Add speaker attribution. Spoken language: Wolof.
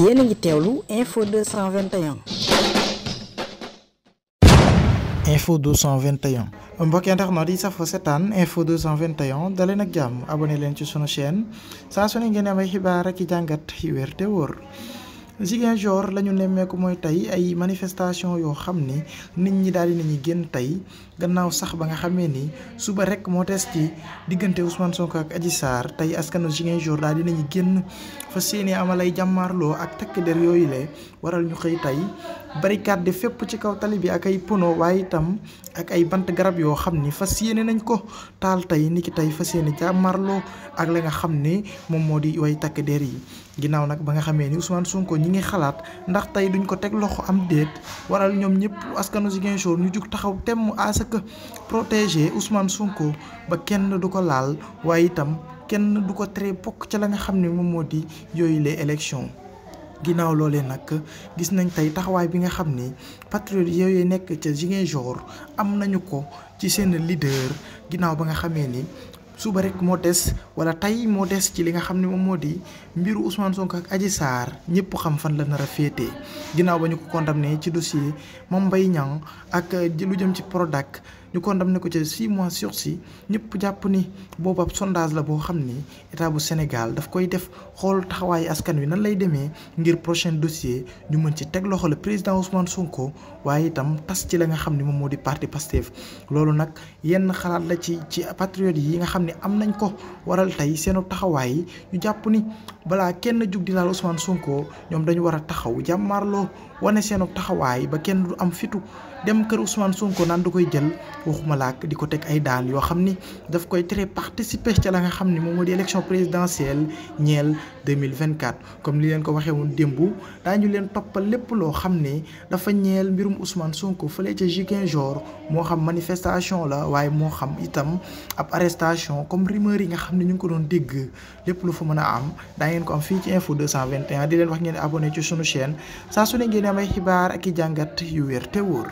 Speaker 1: yéen a ngi teewlu info 221. info 221 mbokk internet yi safo setaan info 221 dalee nag jàmm abonné leen ci sunu chaîne saa su ne ngeen amee xibaar ak i jàngat yu te wóor. Ziguinchor la ñu nemmeeku mooy tey ay manifestation yoo xam ni nit ñi daal di nañu génn tey gannaaw sax ba nga xamee ni suba rek moo tees ci diggante Ousmane Sonko ak Adji Sarr tey askanu Ziguinchor daal di nañu génn fa seeni ay jàmmaarloo ak takk der yooyu le waral ñu xëy tey barricade fépp ci kaw tali bi ak ay pono waaye itam ak ay bant garab yoo xam ni fas yéene nañ ko taal tey ni ki tey fas yéene jàmmarloo ak la nga xam ni moom moo di way takk der yi ginnaaw nag ba nga xamee ni Ousmane Sonko ñi ngi xalaat ndax tey duñ ko teg loxo am déet waral ñoom ñëpp askanu Ziguinchor ñu jug taxaw temm à ce que protéger Ousmane Sonko ba kenn du ko laal waaye itam kenn du ko tere bokk ca la nga xam ne moom moo di yooyu les élections ginnaaw loole nag gis nañ tey taxawaay bi nga xam ni patriote yooyu nekk ca jours am nañu ko ci seen leader ginnaaw ba nga xamee ni suba rek moo des wala tey moo des ci li nga xam ne moom moo di mbiru Ousmane Sonko ak Adji Sarr ñëpp xam fan la nar a féetee ginnaaw ba ñu ko condamné ci dossier Mame mbay Niang ak lu jëm ci Prodac ñu ne ko ci six mois si ñëpp jàpp ni boobu sondage la boo xam ni état bu Sénégal daf koy def xool taxawaayu askan wi nan lay demee ngir prochain dossier ñu mën ci teg loxo le président Ousmane sunkoo waaye itam tas ci la nga xam ni moom moo di parti Pastef loolu nag yenn xalaat la ci ci patriotes yi nga xam ne am nañ ko waral tey seenu taxawaay ñu jàpp ni balaa kenn jug di laal Ousmane Sonko ñoom dañu war a taxaw jàmmaarloo wane seenu taxawaay ba kenn du am fitu dem kër Ousmane Sonko naan du koy jël waxuma laak di ko teg ay daan yoo xam ni daf koy tere participer ca la nga xam ni moom moo di élection présidentielle ñeel 2024 comme li leen ko waxee woon démb daañu leen toppal lépp loo xam ni dafa ñeel mbirum Ousmane Sonko fële ca jours moo xam manifestation la waaye moo xam itam ab arrestation comme rumeur yi nga xam ne ñu ngi ko doon dégg lépp lu fa mën a am daa ngeen ko am fii ci info 221 di leen wax ngeen abonné ci sunu chaîne saa su ne ngeen amay xibaar ak i jàngat yu wér te